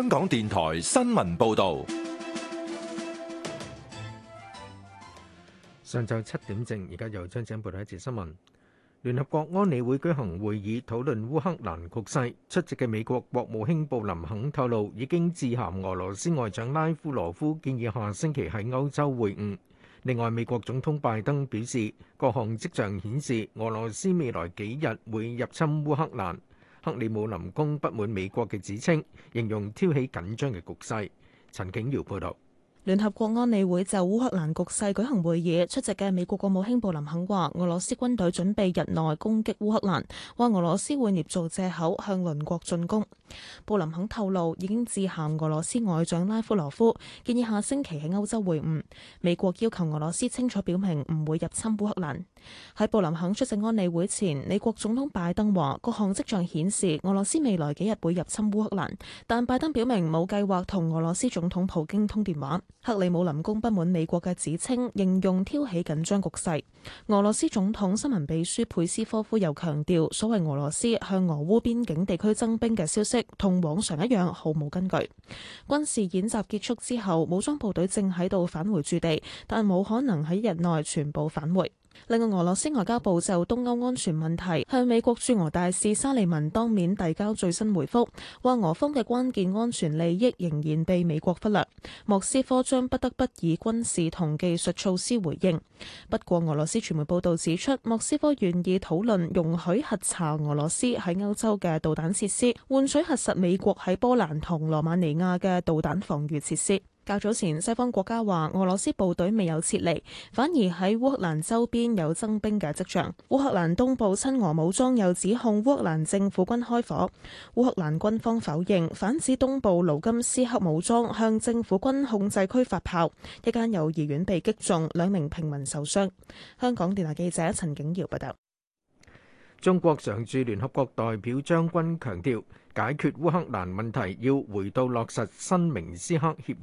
香港電台新聞報道，上晝七點正，而家又將請播第一節新聞。聯合國安理會舉行會議，討論烏克蘭局勢。出席嘅美國國務卿布林肯透露，已經致函俄羅斯外長拉夫羅夫，建議下星期喺歐洲會晤。另外，美國總統拜登表示，各項跡象顯示，俄羅斯未來幾日會入侵烏克蘭。克里姆林宮不滿美國嘅指稱，形容挑起緊張嘅局勢。陳景堯報道。聯合國安理會就烏克蘭局勢舉行會議，出席嘅美國國務卿布林肯話，俄羅斯軍隊準備日內攻擊烏克蘭，話俄羅斯會捏造藉口向鄰國進攻。布林肯透露已經致函俄羅斯外長拉夫羅夫，建議下星期喺歐洲會晤。美國要求俄羅斯清楚表明唔會入侵烏克蘭。喺布林肯出席安理會前，美國總統拜登話，各項跡象顯示俄羅斯未來幾日會入侵烏克蘭，但拜登表明冇計劃同俄羅斯總統普京通電話。克里姆林宮不滿美國嘅指稱，形容挑起緊張局勢。俄羅斯總統新聞秘書佩斯科夫又強調，所謂俄羅斯向俄烏邊境地區增兵嘅消息，同往常一樣毫無根據。軍事演習結束之後，武裝部隊正喺度返回駐地，但冇可能喺日內全部返回。另外，俄羅斯外交部就東歐安全問題向美國駐俄大使沙利文當面遞交最新回覆，話俄方嘅關鍵安全利益仍然被美國忽略，莫斯科將不得不以軍事同技術措施回應。不過，俄羅斯傳媒報道指出，莫斯科願意討論容許核查俄羅斯喺歐洲嘅導彈設施，換取核實美國喺波蘭同羅馬尼亞嘅導彈防禦設施。較早前，西方國家話俄羅斯部隊未有撤離，反而喺烏克蘭周邊有增兵嘅跡象。烏克蘭東部親俄武裝又指控烏克蘭政府軍開火，烏克蘭軍方否認，反指東部盧甘斯克武裝向政府軍控制區發炮，一間幼兒園被擊中，兩名平民受傷。香港電台記者陳景堯報道。中國常駐聯合國代表張軍強調，解決烏克蘭問題要回到落實《新明斯克協議》。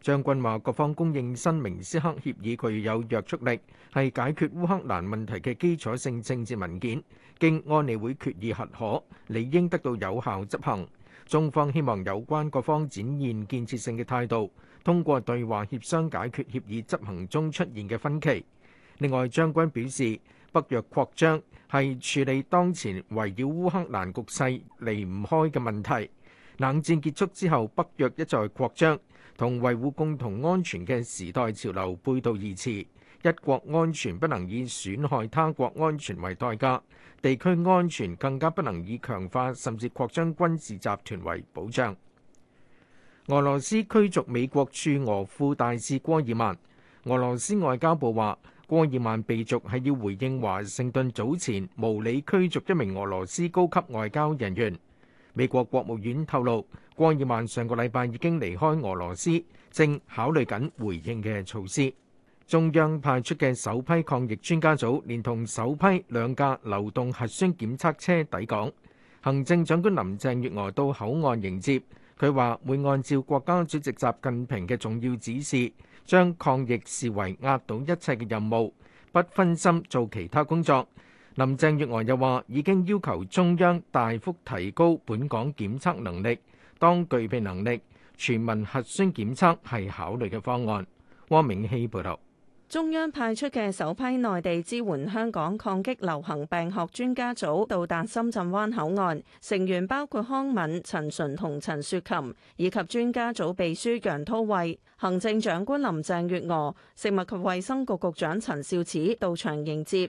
張軍話，各方公認《新明斯克協議》具有約束力，係解決烏克蘭問題嘅基礎性政治文件，經安理會決議核可，理應得到有效執行。中方希望有關各方展現建設性嘅態度，通過對話協商解決協議執行中出現嘅分歧。另外，張軍表示。北約擴張係處理當前圍繞烏克蘭局勢離唔開嘅問題。冷戰結束之後，北約一再擴張，同維護共同安全嘅時代潮流背道而馳。一國安全不能以損害他國安全為代價，地區安全更加不能以強化甚至擴張軍事集團為保障。俄羅斯驅逐美國駐俄副大使戈爾曼。俄羅斯外交部話。戈爾曼被逐係要回應華盛頓早前無理驅逐一名俄羅斯高級外交人員。美國國務院透露，戈爾曼上個禮拜已經離開俄羅斯，正考慮緊回應嘅措施。中央派出嘅首批抗疫專家組，連同首批兩架流動核酸檢測車抵港。行政長官林鄭月娥到口岸迎接，佢話會按照國家主席習近平嘅重要指示。將抗疫視為壓倒一切嘅任務，不分心做其他工作。林鄭月娥又話，已經要求中央大幅提高本港檢測能力，當具備能力，全民核酸檢測係考慮嘅方案。汪明熙報道。中央派出嘅首批內地支援香港抗擊流行病學專家組，到達深圳灣口岸。成員包括康敏、陳純同陳雪琴，以及專家組秘書楊滔慧。行政長官林鄭月娥、食物及衛生局局長陳肇始到場迎接。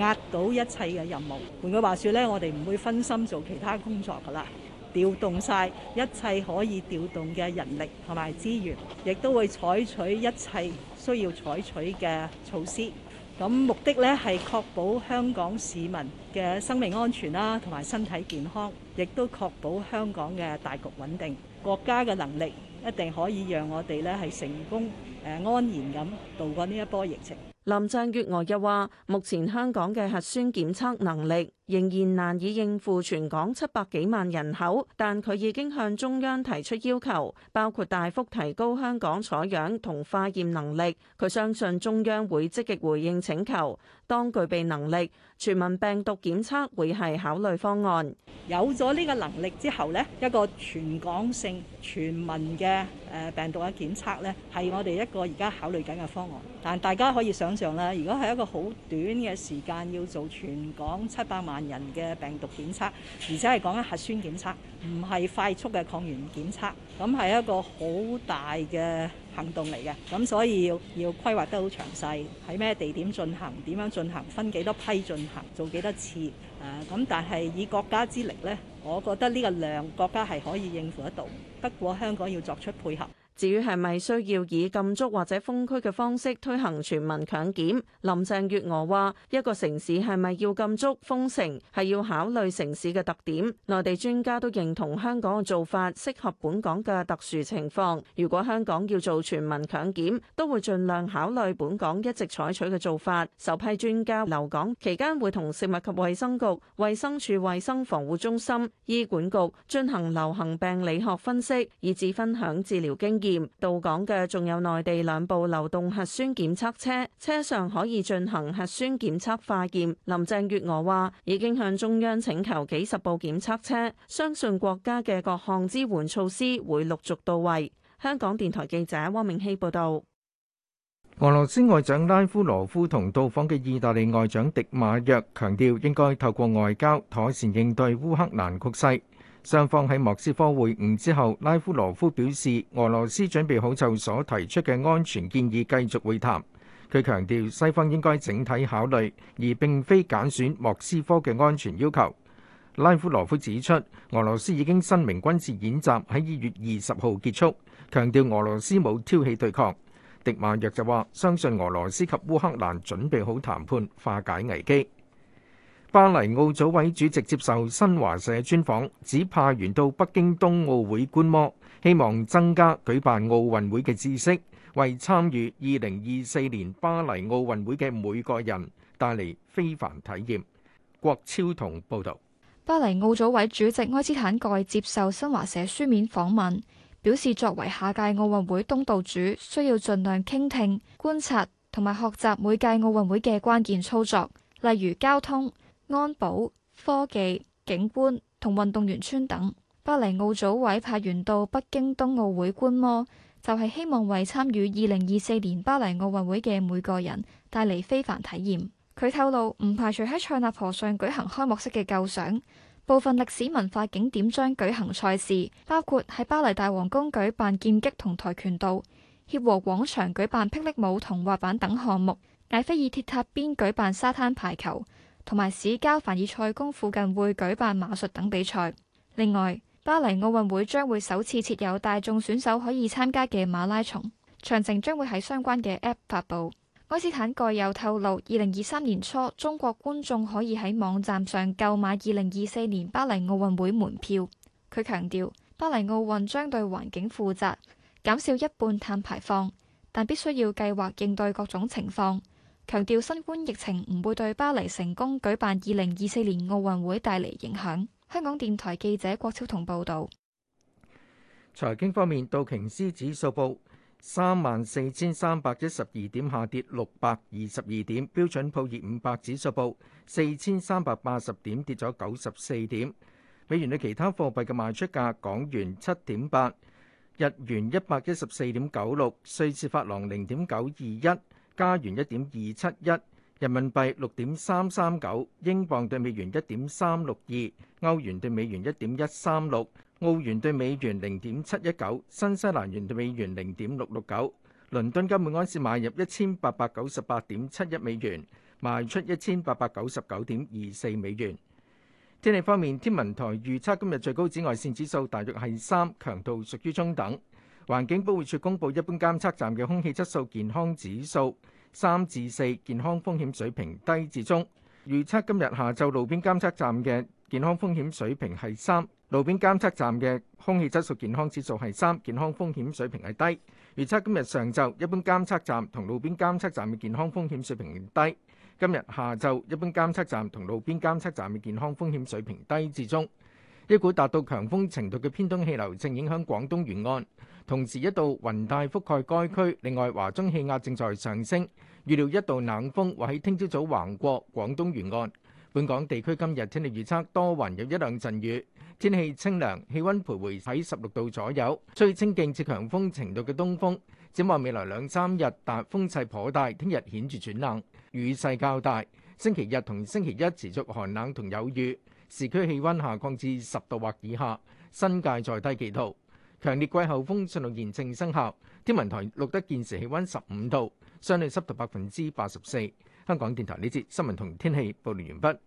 壓倒一切嘅任務，換句話說咧，我哋唔會分心做其他工作噶啦，調動晒一切可以調動嘅人力同埋資源，亦都會採取一切需要採取嘅措施。咁目的咧係確保香港市民嘅生命安全啦，同埋身體健康，亦都確保香港嘅大局穩定。國家嘅能力一定可以讓我哋咧係成功誒安然咁度過呢一波疫情。林鄭月娥又話：目前香港嘅核酸檢測能力仍然難以應付全港七百幾萬人口，但佢已經向中央提出要求，包括大幅提高香港採樣同化驗能力。佢相信中央會積極回應請求，當具備能力，全民病毒檢測會係考慮方案。有咗呢個能力之後咧，一個全港性全民嘅誒病毒嘅檢測咧，係我哋一個而家考慮緊嘅方案。但大家可以想。上啦，如果係一個好短嘅時間要做全港七百萬人嘅病毒檢測，而且係講緊核酸檢測，唔係快速嘅抗原檢測，咁係一個好大嘅行動嚟嘅，咁所以要要規劃得好詳細，喺咩地點進行，點樣進行，分幾多批進行，做幾多次，誒，啊，咁但係以國家之力呢，我覺得呢個量國家係可以應付得到，不過香港要作出配合。至於係咪需要以禁足或者封區嘅方式推行全民強檢？林鄭月娥話：一個城市係咪要禁足封城，係要考慮城市嘅特點。內地專家都認同香港嘅做法適合本港嘅特殊情況。如果香港要做全民強檢，都會盡量考慮本港一直採取嘅做法。首批專家留港期間會同食物及衛生局、衛生署、衞生防護中心、醫管局進行流行病理學分析，以至分享治療經驗。到港嘅仲有內地兩部流動核酸檢測車，車上可以進行核酸檢測化驗。林鄭月娥話：已經向中央請求幾十部檢測車，相信國家嘅各項支援措施會陸續到位。香港電台記者汪明希報道。俄羅斯外長拉夫羅夫同到訪嘅意大利外長迪馬約強調，應該透過外交妥善應對烏克蘭局勢。雙方喺莫斯科會晤之後，拉夫羅夫表示，俄羅斯準備好就所提出嘅安全建議繼續會談。佢強調，西方應該整體考慮，而並非揀選莫斯科嘅安全要求。拉夫羅夫指出，俄羅斯已經申明軍事演習喺二月二十號結束，強調俄羅斯冇挑起對抗。迪馬約就話，相信俄羅斯及烏克蘭準備好談判，化解危機。巴黎奧組委主席接受新華社專訪，只派員到北京冬奧會觀摩，希望增加舉辦奧運會嘅知識，為參與二零二四年巴黎奧運會嘅每個人帶嚟非凡體驗。郭超同報道。巴黎奧組委主席埃斯坦蓋接受新華社書面訪問，表示作為下屆奧運會東道主，需要盡量傾聽觀察同埋學習每屆奧運會嘅關鍵操作，例如交通。安保科技、景觀同運動員村等。巴黎奧組委派員到北京冬奧會觀摩，就係、是、希望為參與二零二四年巴黎奧運會嘅每個人帶嚟非凡體驗。佢透露，唔排除喺塞納河上舉行開幕式嘅構想。部分歷史文化景點將舉行賽事，包括喺巴黎大皇宮舉辦劍擊同跆拳道，協和廣場舉辦霹靂舞同滑板等項目，艾菲爾鐵塔邊舉辦沙灘排球。同埋市郊凡爾賽宮附近會舉辦馬術等比賽。另外，巴黎奧運會將會首次設有大眾選手可以參加嘅馬拉松，詳情將會喺相關嘅 App 發佈。埃斯坦蓋又透露，二零二三年初中國觀眾可以喺網站上購買二零二四年巴黎奧運會門票。佢強調，巴黎奧運將對環境負責，減少一半碳排放，但必須要計劃應對各種情況。強調新冠疫情唔會對巴黎成功舉辦二零二四年奧運會帶嚟影響。香港電台記者郭超同報道。財經方面，道瓊斯指數報三萬四千三百一十二點，下跌六百二十二點；標準普爾五百指數報四千三百八十點，跌咗九十四點。美元對其他貨幣嘅賣出價：港元七點八，日元一百一十四點九六，瑞士法郎零點九二一。加元一點二七一，1. 1, 人民幣六點三三九，英鎊對美元一點三六二，歐元對美元一點一三六，澳元對美元零點七一九，新西蘭元對美元零點六六九。倫敦金每安士買入一千八百九十八點七一美元，賣出一千八百九十九點二四美元。天氣方面，天文台預測今日最高紫外線指數大約係三，強度屬於中等。環境保護署公布一般監測站嘅空氣質素健康指數三至四，健康風險水平低至中。預測今日下晝路邊監測站嘅健康風險水平係三，路邊監測站嘅空氣質素健康指數係三，健康風險水平係低。預測今日上晝一般監測站同路邊監測站嘅健康風險水平低。今日下晝一般監測站同路邊監測站嘅健康風險水平低至中。一股達到強風程度嘅偏東氣流正影響廣東沿岸。同時一度雲帶覆蓋該區，另外華中氣壓正在上升，預料一度冷風或喺聽朝早橫過廣東沿岸。本港地區今日天氣預測多雲有一兩陣雨，天氣清涼，氣温徘徊喺十六度左右，吹清勁至強風程度嘅東風。展望未來兩三日，但風勢頗大，聽日顯著轉冷，雨勢較大。星期日同星期一持續寒冷同有雨，市區氣温下降至十度或以下，新界再低幾度。強烈季候風信號現正生效，天文台錄得現時氣温十五度，相對濕度百分之八十四。香港電台呢節新聞同天氣報道完畢。